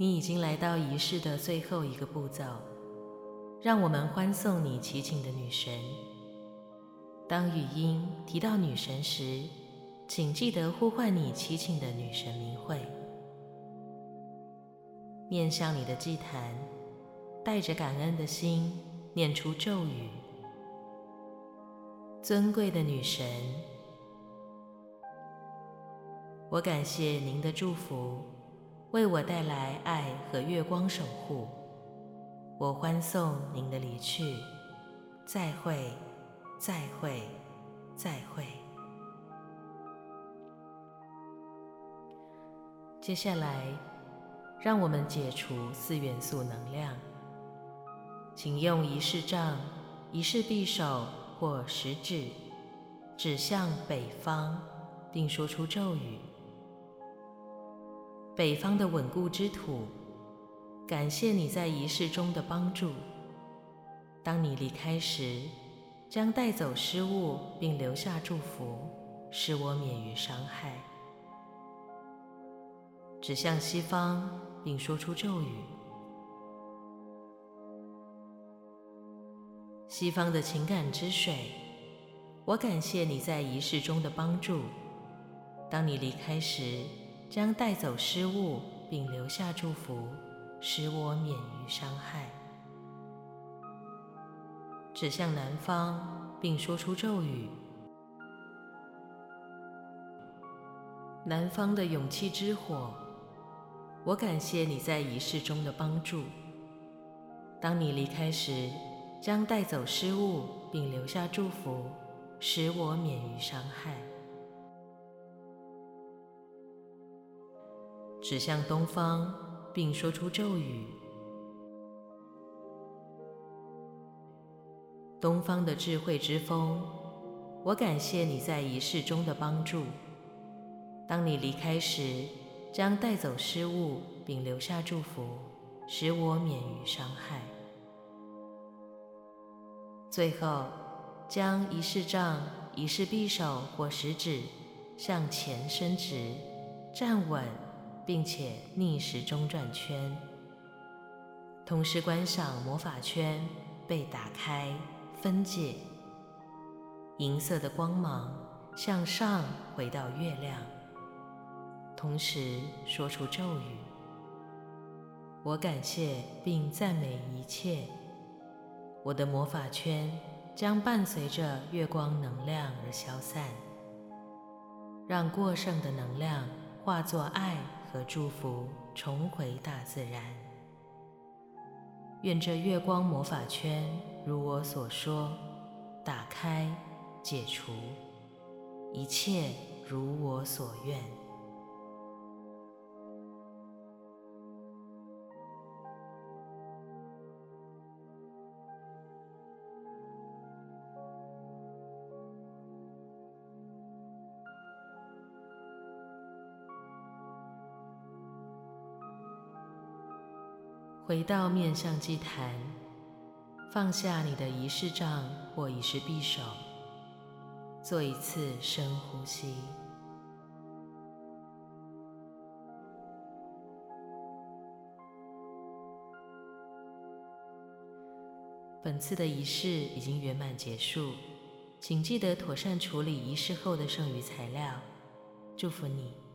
你已經來到儀式的最後一個步驟，讓我們歡送你祈請的女神。當語音提到女神時，請記得呼喚你祈請的女神名諱。面向你的祭壇，帶着感恩的心，念出咒語：“尊貴的女神，我感謝您的祝福。”為我帶來愛和月光守護，我歡送您的離去，再會，再會，再會。接下來，讓我們解除四元素能量，請用儀式杖、儀式匕首或食指指向北方，並說出咒語。北方的穩固之土，感謝你在儀式中的幫助。當你離開時，將帶走失物並留下祝福，使我免於傷害。指向西方，並說出咒語。西方的情感之水，我感謝你在儀式中的幫助。當你離開時，將帶走失誤，並留下祝福，使我免於傷害。指向南方，並說出咒語：南方的勇氣之火，我感謝你在儀式中的幫助。當你離開時，將帶走失誤，並留下祝福，使我免於傷害。指向東方，並說出咒語：“東方的智慧之風，我感謝你在儀式中的幫助。當你離開時，將帶走失誤，並留下祝福，使我免於傷害。”最後，將儀式杖、儀式匕首或食指向前伸直，站穩。並且逆時鐘轉圈，同時觀賞魔法圈被打開分解，銀色的光芒向上回到月亮，同時說出咒語：“我感謝並讚美一切。”我的魔法圈將伴隨着月光能量而消散，讓過剩的能量化作愛。和祝福重回大自然。願這月光魔法圈如我所說，打開、解除，一切如我所願。回到面向祭壇，放下你的儀式杖或儀式匕首，做一次深呼吸。本次的儀式已經圓滿結束，請記得妥善處理儀式後的剩餘材料，祝福你。